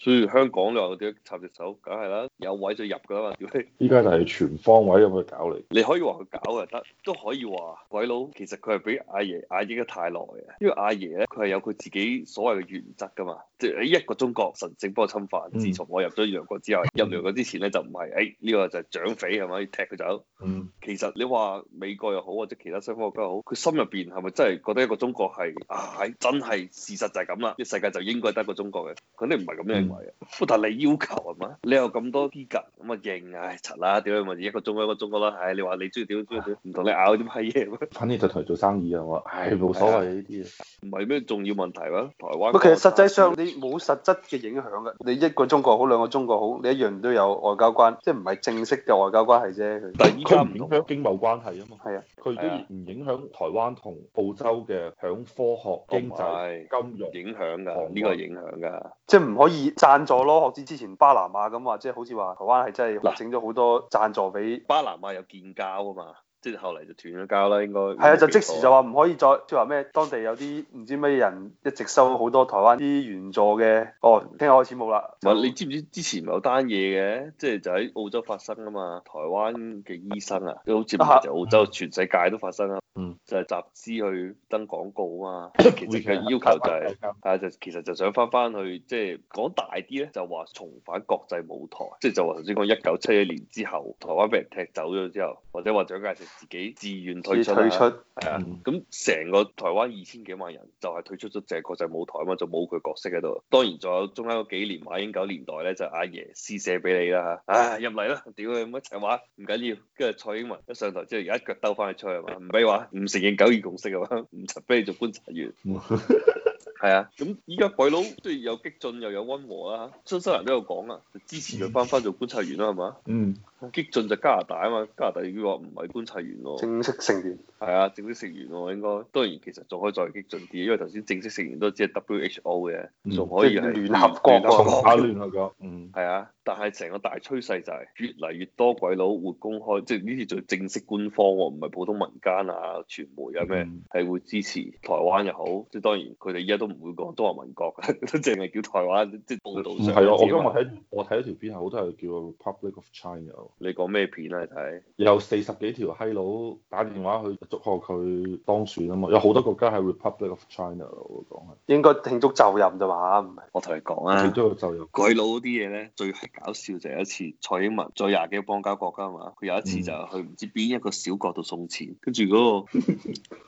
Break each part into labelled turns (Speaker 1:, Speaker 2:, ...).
Speaker 1: 所以香港你話我點插隻手，梗係啦，有位就入噶啦嘛。
Speaker 2: 依家就係全方位咁去搞你。
Speaker 1: 你可以話佢搞又得，都可以話鬼佬其實佢係俾阿爺壓抑得太耐啊。因為阿爺咧，佢係有佢自己所謂嘅原則噶嘛，即係誒一個中國，神聖不可侵犯。嗯、自從我入咗英國之後，入唔入國之前咧就唔係，誒、哎、呢、呢個就係蔣匪係咪？踢佢走。嗯、其實你話美國又好或者其他西方國家又好，佢心入邊係咪真係覺得一個中國係啊？真係事實就係咁啦，啲世界就應該得一個中國嘅，佢哋唔係咁樣。嗯唔係，我你要求係嘛？你有咁多啲格咁啊，應唉，柒啦，點樣問一個中國一個中國啦。唉，你話你中意點中意點，唔同你拗啲乜嘢。
Speaker 2: 反正就同佢做生意啊嘛，唉，冇所謂呢
Speaker 1: 啲啊，唔係咩重要問題啦，台灣。其實實際上你冇實質嘅影響嘅，你一個中國好，兩個中國好，你一樣都有外交關，即係唔係正式嘅外交關係啫。但係依家唔影響經貿關係啊嘛。係啊。
Speaker 2: 佢都唔
Speaker 1: 影響台灣同澳洲嘅響科學、經濟、金融影響嘅呢個影響㗎，即係唔可以。贊助咯，好似之前巴拿馬咁啊，即係好似話台灣係真係整咗好多贊助俾巴拿馬有建交啊嘛。即係後嚟就斷咗交啦，應該係啊，就即時就話唔可以再即話咩？當地有啲唔知咩人一直收好多台灣啲援助嘅。哦，聽日開始冇啦。你知唔知之前有單嘢嘅？即係就喺澳洲發生啊嘛，台灣嘅醫生啊，都好似唔係就澳洲，啊、全世界都發生啊。嗯。就係集資去登廣告啊嘛。嗯、其實佢要求就係、是，係就是其實就想翻翻去，即、就是、講大啲咧，就話重返國際舞台。即係就話頭先講一九七一年之後，台灣俾人踢走咗之後，或者話蔣介石。自己自願退出啦，係啊，咁成個台灣二千幾萬人就係退出咗淨係國際舞台啊嘛，就冇佢角色喺度。當然仲有中間嗰幾年，馬英九年代咧就阿爺施捨俾你啦吓，唉，入嚟啦，屌你一齊玩，唔緊要，跟住蔡英文一上台之後，一腳兜翻去出去，啊嘛，唔俾話，唔承認九二共識啊嘛，唔俾你做觀察員。 係啊，咁依家鬼佬即係又激進又有溫和啊。新西蘭都有講啊，支持佢翻翻做觀察員啦，係嘛？嗯。激進就加拿大啊嘛，加拿大佢話唔係觀察員喎、啊。正式成員。係啊，正式成員喎、啊、應該。當然其實仲可以再激進啲，因為頭先正式成員都只係 WHO 嘅，仲、嗯、可以係聯合國啊，聯合國。嗯。係啊，但係成個大趨勢就係越嚟越多鬼佬會公開，即係呢啲做正式官方喎、啊，唔係普通民間啊、傳媒啊咩，係、嗯、會支持台灣又好，即係當然佢哋依家都。唔會講多話民國嘅，淨係叫台灣即係、就是、報道上。係啊，我今日睇
Speaker 2: 我睇咗條片，好多係叫 Republic of China 你。
Speaker 1: 你講咩片啊？你睇有四
Speaker 2: 十幾條閪佬打電話去祝賀佢當選啊嘛！有好多國家係 Republic of China，我講係
Speaker 1: 應該慶祝就任咋嘛？我同你講啊，慶祝就任。鬼佬啲嘢咧，最係搞笑就係一次蔡英文在廿幾個邦交國㗎嘛。佢有一次就去唔知邊一個小國度送錢，跟住嗰個。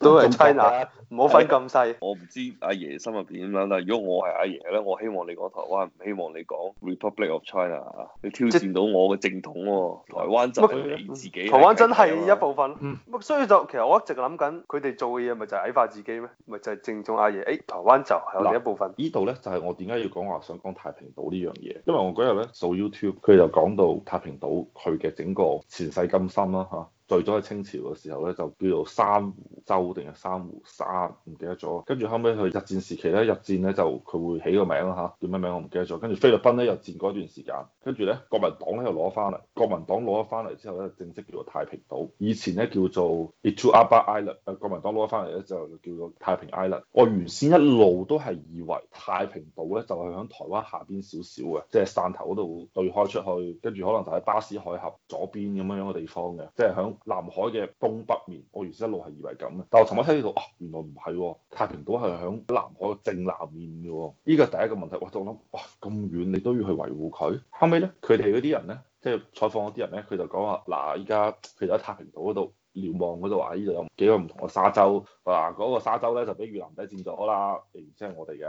Speaker 1: 都係 China，唔好分咁細、啊哎。我唔知阿爺心入邊點樣，但如果我係阿爺咧，我希望你講台灣，唔希望你講 Republic of China。你挑戰到我嘅正統喎、啊，即台灣就係你自己。台灣真係一部分。咁、嗯、所以就其實我一直諗緊，佢哋做嘅嘢咪就係矮化自己咩？咪就係正中阿爺，哎，台灣就係我哋一部分。呢度咧就係、是、我點解要講話想講太平
Speaker 2: 島呢樣嘢，因為我嗰日咧掃 YouTube，佢就講到太平島佢嘅整個前世今生啦嚇。最早喺清朝嘅時候咧，就叫做珊瑚洲定係珊瑚山，唔、啊、記得咗。跟住後尾去日戰時期咧，日戰咧就佢會起個名啦嚇，叫咩名我唔記得咗。跟住菲律賓咧日戰嗰段時間，跟住咧國民黨喺度攞翻啦，國民黨攞咗翻嚟之後咧，正式叫做太平島。以前咧叫做 Itu Aba Island，誒國民黨攞咗翻嚟咧就叫做太平 Island。我原先一路都係以為太平島咧就係、是、喺台灣下邊少少嘅，即係汕頭嗰度對開出去，跟住可能就喺巴士海峽左邊咁樣樣嘅地方嘅，即係喺。南海嘅東北面，我原先一路係以為咁嘅，但我尋日聽到，啊，哦，原來唔係喎，太平島係喺南海嘅正南面嘅喎，哦，依個第一個問題，我就諗，哇，哦，咁遠你都要去維護佢？後尾咧，佢哋嗰啲人咧，即係採訪嗰啲人咧，佢就講話，嗱，依家佢就喺太平島嗰度瞭望嗰度，話，依度有幾個唔同嘅沙洲，嗱，嗰個沙洲咧就俾越南仔佔咗啦，原先係我哋嘅，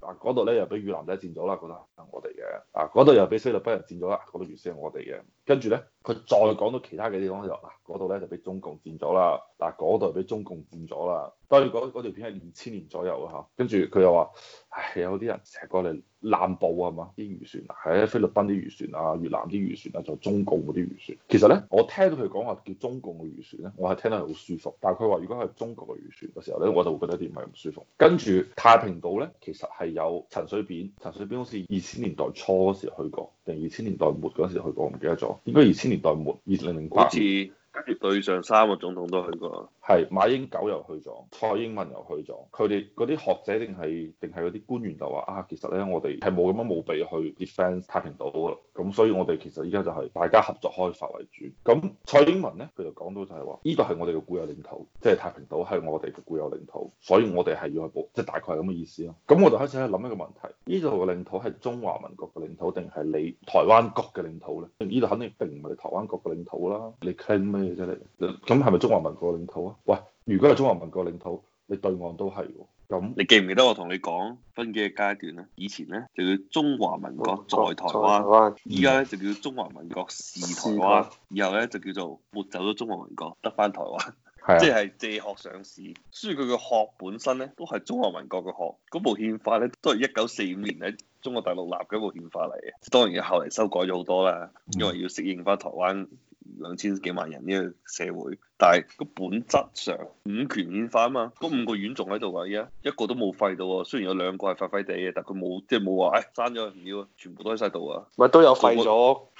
Speaker 2: 嗱，嗰度咧又俾越南仔佔咗啦，嗰度係我哋嘅，嗱，嗰度又俾菲律賓人佔咗啦，嗰度原先係我哋嘅，跟住咧。佢再講到其他嘅地方就，嗱，嗰度咧就俾中共佔咗啦，嗱，嗰度又俾中共佔咗啦。當然嗰條片係二千年左右啊，嚇，跟住佢又話，唉，有啲人成日過嚟濫捕啊嘛，啲漁船喺、啊、菲律賓啲漁船啊、越南啲漁船啊，仲有中共嗰啲漁船、啊。其實咧我聽到佢講話叫中共嘅漁船咧，我係聽得好舒服，但係佢話如果係中國嘅漁船嘅時候咧，我就會覺得啲唔係咁舒服。跟住太平島咧，其實係有陳水扁，陳水扁好似二千年代初嗰時去過定二千年代末嗰時去過，我唔記得咗，應該二千年。年代末，二零零八，好似跟住對上三個總統都去過。係馬英九又去咗，蔡英文又去咗，佢哋嗰啲學者定係定係嗰啲官員就話啊，其實咧，我哋係冇咁樣冇備去 defence 太平島噶啦，咁所以我哋其實依家就係大家合作開發為主。咁蔡英文咧，佢就講到就係話，呢個係我哋嘅固有領土，即係太平島係我哋嘅固有領土，所以我哋係要去保，即係大概係咁嘅意思咯。咁我就開始喺度諗一個問題，呢度嘅領土係中華民國嘅領土定係你台灣國嘅領土咧？呢度肯定並唔係台灣國嘅領土啦，你 claim 咩啫你？咁係咪中華民國領土啊？喂，如果係中華民國領土，你對岸都係喎。
Speaker 1: 咁你記唔記得我同你講分幾個階段咧？以前咧就叫中華民國在台灣，依家咧就叫中華民國是台灣，嗯、以後咧就叫做沒走咗中華民國，得翻台灣，啊、即係借殼上市。所以佢嘅殼本身咧都係中華民國嘅殼，嗰部憲法咧都係一九四五年喺中國大陸立嘅一部憲法嚟嘅。當然後嚟修改咗好多啦，因為要適應翻台灣。嗯兩千幾萬人呢個社會，但係個本質上五權憲法啊嘛，嗰五個院仲喺度啊而家，一個都冇廢到喎。雖然有兩個係廢廢哋嘅，但佢冇即係冇話誒刪咗唔要，全部都喺晒度啊。咪都有廢咗過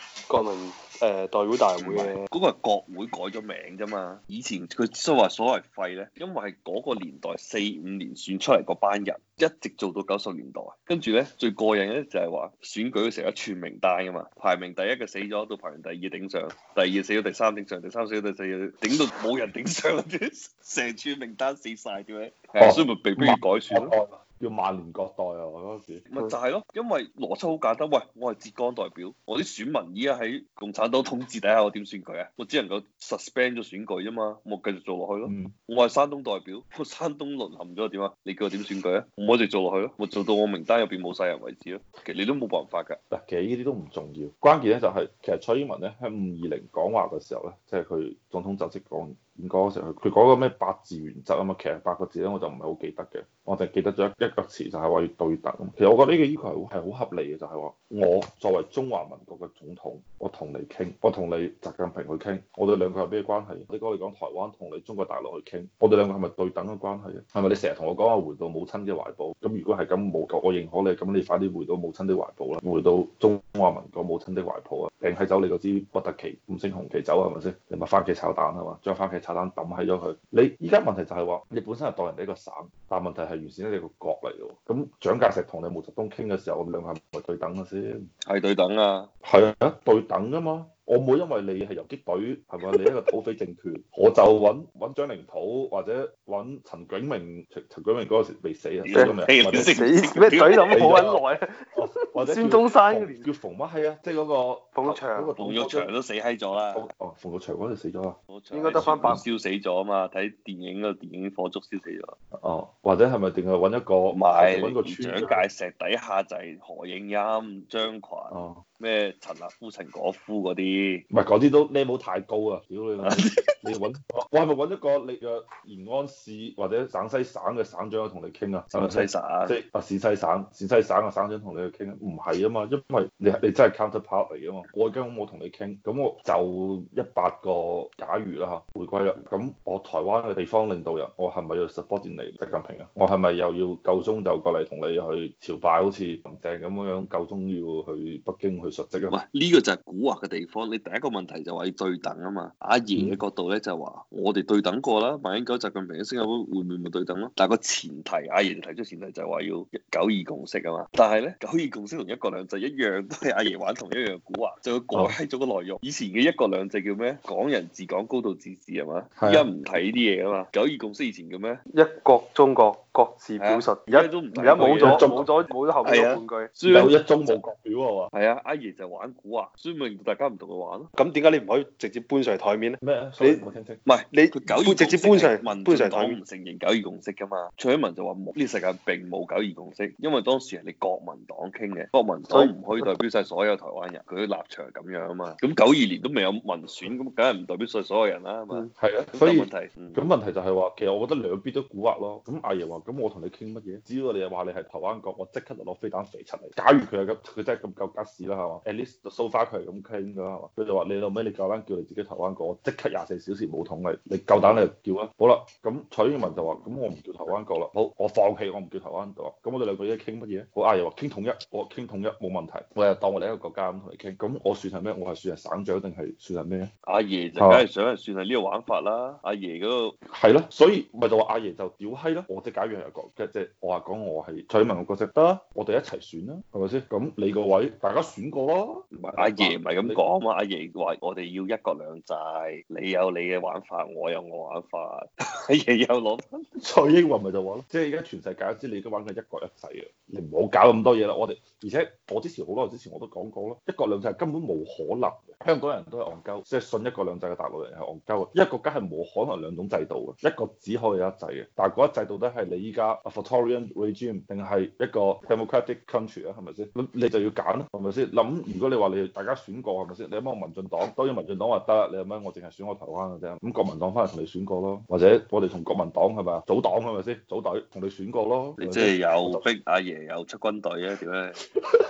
Speaker 1: 國民。誒代表大會嘅嗰、那個係國會改咗名啫嘛，以前佢所以話所謂廢咧，因為係嗰個年代四五年選出嚟嗰班人一直做到九十年代，跟住咧，最過癮嘅就係話選舉嘅時候一串名單㗎嘛，排名第一嘅死咗，到排名第二頂上，第二死咗，第三頂上，第三死咗，第四,四頂到冇人頂上，啲成串名單死晒。
Speaker 2: 嘅咩我？所以咪被迫要改選咯。
Speaker 1: 叫萬年國代啊！嗰陣時，咪就係咯，因為邏輯好簡單。喂，我係浙江代表，我啲選民依家喺共產黨統治底下，我點選佢？啊？我只能夠 suspend 咗選舉啫嘛，我繼續做落去咯。嗯、我係山東代表，山東淪陷咗點啊？你叫我點選佢？啊？我一直做落去咯，我做到我名單入邊冇晒人為止咯。其實你都冇辦法㗎。嗱，其
Speaker 2: 實呢啲都唔重要，關鍵咧就係其實蔡英文咧喺五二零講話嘅時候咧，即係佢總統就職講。演佢講嗰咩八字原則啊嘛，其實八個字咧我就唔係好記得嘅，我就記得咗一一個詞就係話要對等。其實我覺得呢個依個係好合理嘅，就係話我作為中華民國嘅總統，我同你傾，我同你習近平去傾，我哋兩個係咩關係？你講嚟講台灣同你中國大陸去傾，我哋兩個係咪對等嘅關係啊？係咪你成日同我講話回到母親嘅懷抱？咁如果係咁冇我認可你，咁你快啲回到母親的懷抱啦，回，回到中華民國母親的懷抱啊！定棄走你嗰支不得其五星紅旗走係咪先？你咪番茄炒蛋係嘛？將番茄拆彈抌喺咗佢，你依家問題就係話，你本身係代人哋一個省，但問題係原先你個國嚟喎，咁蔣介石同你毛澤東傾嘅時候，我哋兩個係咪對等嘅先，係對等啊，係啊，對等㗎嘛。我唔會因為你係游擊隊，係嘛？你一個土匪政權，我就揾揾張靈甫或者揾陳炯明。陳炯明嗰陣
Speaker 1: 時未死啊？死咩鬼咁？好揾
Speaker 2: 耐啊！或者孫中山叫馮乜？係啊，即係嗰個馮玉祥。嗰個馮玉祥都
Speaker 1: 死喺咗啦。哦，馮玉祥嗰陣死咗啊？應該得翻白燒死咗啊嘛？睇電影個電影火燭先死咗。哦，或者係
Speaker 2: 咪定係揾一個買？揾個蔣介
Speaker 1: 石底下就係何應欽、張群。咩陳立夫、陳果夫嗰啲，
Speaker 2: 唔係嗰啲都 level 太高啊！屌你，你揾 我係咪揾一個你嘅延安市或者陝西省嘅省長去同你傾啊省省係咪省？省西省即係啊陝西省，陝西省嘅省長同你去傾、啊，唔係啊嘛，因為你你真係 counterpart 嚟啊嘛，過我而家冇同你傾，咁我就一百個假如啦嚇，迴歸啦，咁我台灣嘅地方領導人，我係咪要 support 你習近平啊？我係咪又要夠鐘就過嚟同你去朝拜，好似林鄭咁樣樣夠鐘要去
Speaker 1: 北京？喂，呢個就係古惑嘅地方。你第一個問題就話要對等啊嘛。阿爺嘅角度咧就話，我哋對等過啦。馬英九習近平喺新加坡會唔會對等咯？但係個前提，阿爺提出前提就係話要一九二共識啊嘛。但係咧，九二共識同一國兩制一樣，都係阿爺玩同一樣古惑。就改咗個內容。以前嘅一國兩制叫咩？港人治港、高度自治係嘛？而家唔睇啲嘢啊嘛。九二共識以前叫咩？一國中國，是啊、各自表述。而家都唔，而家冇咗，冇咗，冇咗後半句。有一中冇國。係啊，阿爺就玩蠱惑啊，所以咪大家唔同佢玩咯。咁點解你唔可以直接搬上台面咧？咩？你唔係你九二直接搬上嚟民搬上台面，唔承認九二共識噶嘛。蔡英文就話呢世界並冇九二共識，因為當時係你國民黨傾嘅，國民黨唔可以代表晒所有台灣人，佢啲立場係咁樣啊嘛。咁九二年都未有民選，咁梗係唔代表晒所有人啦嘛。係啊，所以咁問題咁
Speaker 2: 問題就係話，其實我覺得兩邊都蠱惑咯。咁阿爺話：咁我同你傾乜嘢？只要你話你係台灣國，我即刻就攞飛彈射出嚟。假如佢係咁，佢真係。咁夠吉事啦，係嘛？At least so far 佢係咁傾㗎，係嘛？佢就話：你老尾你夠膽叫你自己台灣國，我即刻廿四小時冇統嚟，你夠膽你就叫啊！好啦，咁蔡英文就話：咁我唔叫台灣國啦，好，我放棄，我唔叫台灣。就話：咁我哋兩個依家傾乜嘢咧？我阿爺話傾統一，我傾統一冇問題。我係當我哋一個國家咁同你傾。咁我算係咩？我係算係省長定係算係咩？
Speaker 1: 阿爺就梗係想人算係呢個玩法啦。阿爺嗰
Speaker 2: 個係咯，所以咪就話阿爺就屌閪咯。我即假如係講即係，就是、說我係講我係蔡英文個角色得，我哋一齊選啦，係咪先？咁你個大家選過咯，
Speaker 1: 唔係阿爺唔係咁講啊嘛，阿爺話我哋要一國兩制，你有你嘅玩法，我有我玩法，阿爺又攞
Speaker 2: 蔡英文咪就話咯，即係而家全世界都知你都玩緊一國一制啊，你唔好搞咁多嘢啦，我哋而且我之前好多時我都講過啦，一國兩制根本冇可能。香港人都係戇鳩，即係信一國兩制嘅大陸人係戇鳩啊！一個國家係冇可能兩種制度嘅，一個只可以一制嘅。但係嗰一制度都係你依家 authoritarian regime，定係一個 democratic country 啊？係咪先咁？你就要揀咯，係咪先？諗如果你話你大家選過係咪先？你幫民進黨，當然民進黨話得，你阿咩？我淨係選我台灣嘅啫。咁國民黨翻嚟同你選過咯，或者我哋同國民黨係咪啊組黨係咪先組隊同你選過咯？是是你
Speaker 1: 即係有阿爺有，出軍隊啊，點咧？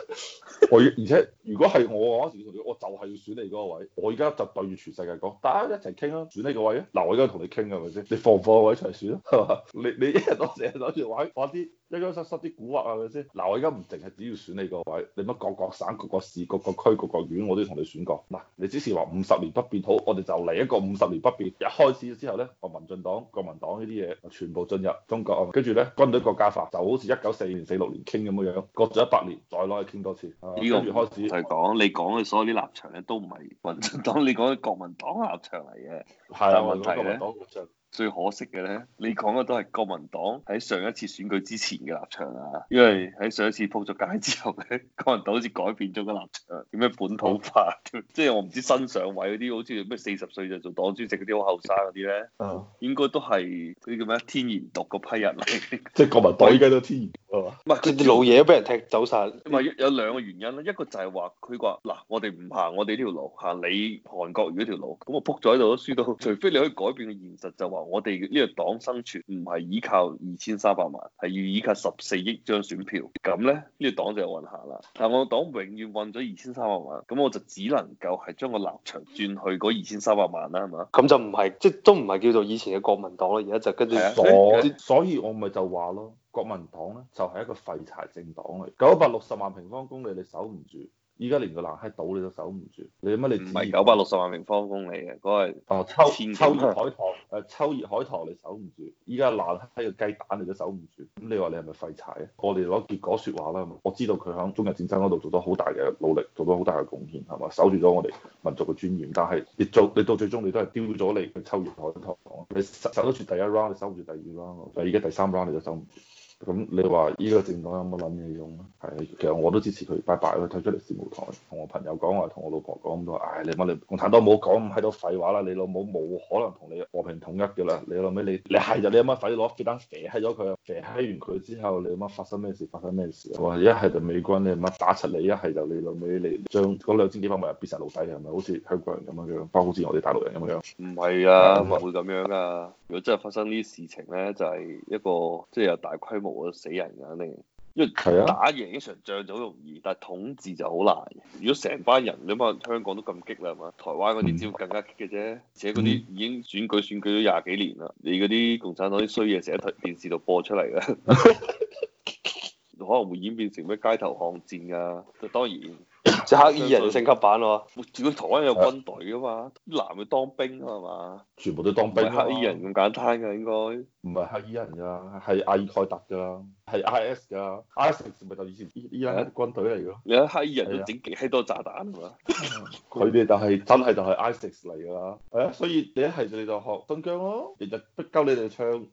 Speaker 2: 我而且如果係我嗰時同你，我就係要選你。你嗰個位，我而家就對住全世界講，大家一齊傾啊，轉呢個位啊，嗱，我而家同你傾啊，係咪先？你放唔放個位一齊選啊，係 你你一日到成日攞住玩放啲。一啲古惑啊，咁先。嗱，我而家唔淨係只要選你個位，你乜各個省、各個市、各個區、各個縣，我都同你選過。嗱，你只是話五十年不變好，我哋就嚟一個五十年不變。一開始之後咧，我民進黨、國民黨呢啲嘢全部進入中國，跟住咧軍隊國家化，就好似一九四年、四六年傾咁嘅樣，過咗一百年再攞去傾多次。呢、啊、個
Speaker 1: 就係講你講嘅所有啲立場咧，都唔係民進黨，你講嘅國民黨立場嚟
Speaker 2: 嘅。係啊的，問題我國民黨
Speaker 1: 咧。最可惜嘅咧，你講嘅都係國民黨喺上一次選舉之前嘅立場啊，因為喺上一次撲咗街之後咧，國民黨好似改變咗個立場，叫咩本土化、啊，即係、即係、我唔知新上位嗰啲，好似咩四十歲就做黨主席嗰啲好後生嗰啲咧，嗯，應該都係嗰啲叫咩天然獨嗰批人嚟，即係、嗯、 國民黨依家都天然獨啊嘛，唔係啲老嘢都俾人踢走晒？因為有兩個原因咯，一個就係話佢話嗱，我哋唔行我哋呢條路，行你韓國瑜嗰條路，咁我撲咗喺度都輸到，除非你可以改變個現，現實就話。我哋呢個黨生存唔係依靠二千三百萬，係要依靠十四億張選票。咁咧呢、呢個黨就有運行啦。但係我黨永遠運咗二千三百萬，咁我就只能夠係將個立場轉去嗰二千三百萬啦，係嘛？咁就唔係，即都唔係叫做以前嘅國民黨啦。而家就跟住所、啊，所以,
Speaker 2: 現所以我咪就話咯，國民黨咧就係一個廢柴政黨嚟。九百六十萬平方公里，你守唔住？而家連個南希島你都守
Speaker 1: 唔住，你乜你唔係九百六十萬平方公里嘅嗰個？哦、啊，秋秋海棠。
Speaker 2: 誒，秋熱海棠你守唔住。
Speaker 1: 依家南希嘅雞蛋你都守唔住，咁
Speaker 2: 你話你係咪廢柴啊？我哋攞結果説話啦。我知道佢響中日戰爭嗰度做咗好大嘅努力，做咗好大嘅貢獻，係嘛？守住咗我哋民族嘅尊嚴，但係你做你到最終你都係丟咗你去秋熱海棠。你守得住第一 round，你守唔住第二 round，第二嘅第三 round 你都守唔住。咁你話依個政黨有冇撚嘢用咧？係，其實我都支持佢，拜拜佢退出嚟佔舞台。同我朋友講話，同我老婆講咁多。唉，你乜你共產黨冇講咁喺度廢話啦！你老母冇可能同你和平統一嘅啦！你老尾你你係就你乜鬼攞飛彈射閪咗佢，射閪完佢之後，你乜發生咩事？發生咩事啊？哇！一係就美軍你乜打出嚟，一係就你老尾你將嗰兩千幾百萬人變成奴隸，係咪好似香港人咁樣？包括好似我哋大陸人咁樣？唔
Speaker 1: 係啊，唔會咁樣啊！如果真係發生呢啲事情咧，就係一個即係有大規模。我死人㗎，肯定，因為打贏場仗就好容易，但係統治就好難。如果成班人，你可能香港都咁激啊嘛，台灣嗰啲只要更加激嘅啫。而且嗰啲已經選舉選舉咗廿幾年啦，你嗰啲共產黨啲衰嘢，成日喺台電視度播出嚟㗎， 可能會演變成咩街頭巷戰啊！當然。即係黑衣人嘅升級版咯，因為台灣有軍隊啊嘛，啲男嘅當兵啊嘛，全部都當兵黑黑。黑衣人咁簡單嘅應該？唔係黑衣人㗎，係阿爾蓋特
Speaker 2: 㗎，係 IS 㗎，ISIS 咪就以前伊拉克軍隊嚟咯。你睇黑衣人就整幾閪多炸彈係嘛？佢哋的 就係、是、真係就係 ISIS 嚟㗎啦。係啊，所以你一係就你就學新疆咯，日日逼鳩你哋唱《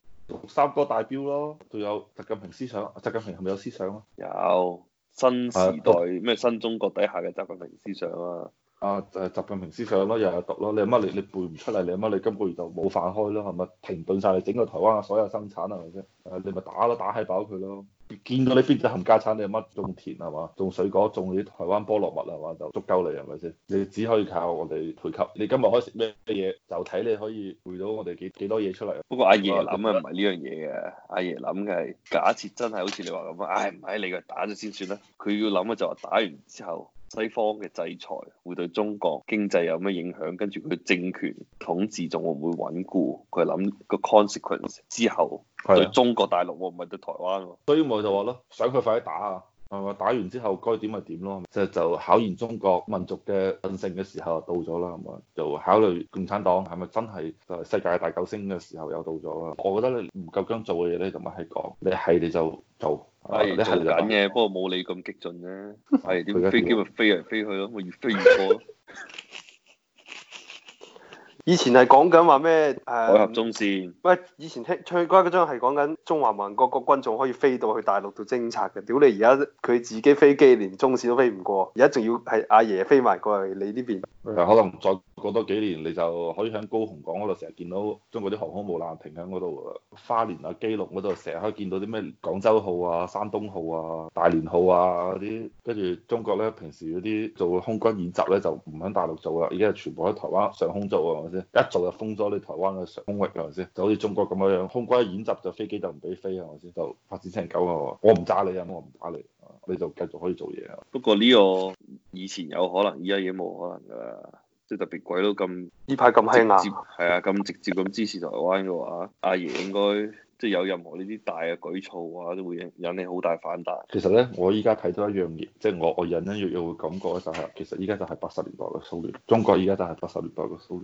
Speaker 2: 三個代表》咯，仲有習近
Speaker 1: 平思想，習近平係咪有思想啊？有。新時代咩新中國底下嘅習近平
Speaker 2: 思想啊，啊就係習近平思想咯，日日讀咯，你乜你你背唔出嚟，你乜你今個月就冇飯開咯，係咪停頓晒你整個台灣嘅所有生產係咪先？誒你咪打咯，打起爆佢咯。見到你邊執冚家產，你有乜種田係嘛？種水果，種啲台灣菠蘿蜜係嘛？就足夠你係咪先？你只可以靠我哋配給。你今日開始咩嘢？就睇你可以配到我哋幾幾多嘢出嚟。不過阿爺諗嘅唔係呢
Speaker 1: 樣嘢嘅，阿爺諗嘅係假設真係好似你話咁啊！唉、哎，唔係你嘅打咗先算啦。佢要諗嘅就係打完之後。西方嘅制裁會對中國經濟有咩影響？跟住佢政權統治仲會唔會穩固？佢諗個 consequence 之後對中國大陸，喎的，唔係對台灣。
Speaker 2: 所以咪就話咯，的想佢快啲打啊！係嘛？打完之後該點咪點咯，即
Speaker 1: 係就考驗
Speaker 2: 中國民族嘅韌性嘅時候到咗啦，係嘛？就考慮共產黨係咪真係世界大救星嘅時候又到咗啊？我覺得你唔夠姜做嘅嘢咧，同埋係講你係你就
Speaker 1: 做，你係就嘅，不過冇你咁激進啫。係，啲飛機咪飛嚟飛去咯，咪越飛越多咯。 以前係講緊話咩？誒、呃，海峽中線。喂，以前聽崔家嗰張係講緊中華民國個軍種可以飛到去大陸度偵察嘅，屌你而家佢自己飛機連中線都飛唔過，而家仲要係阿爺飛埋過去你呢邊，可能唔
Speaker 2: 再。過多幾年，你就可以喺高雄港嗰度成日見到中國啲航空母艦停喺嗰度，花蓮啊、基隆嗰度成日可以見到啲咩廣州號啊、山東號啊、大連號啊嗰啲。跟住中國咧，平時嗰啲做空軍演習咧就唔喺大陸做啦，而家全部喺台灣上空做啊，係咪先？一做就封咗你台灣嘅上空域，係咪先？就好似中國咁樣樣，空軍演習就飛機就唔俾飛，係咪先？就發展成狗啊，我唔炸你啊，我唔打你你，你就繼續可以做嘢啊。
Speaker 1: 不過呢個以前有可能，依家已經冇可能㗎啦。即係特別鬼咯，咁呢排咁興啊，係啊，咁直接咁支持台灣嘅話，阿爺應該即係有任何呢啲大嘅舉措啊，都會引起好大反彈。其實咧，我依家睇到
Speaker 2: 一樣嘢，即
Speaker 1: 係我我隱隱約約會感覺咧就
Speaker 2: 係，其實依家就係八十年代嘅蘇聯，中國依家就係八十年代嘅蘇聯。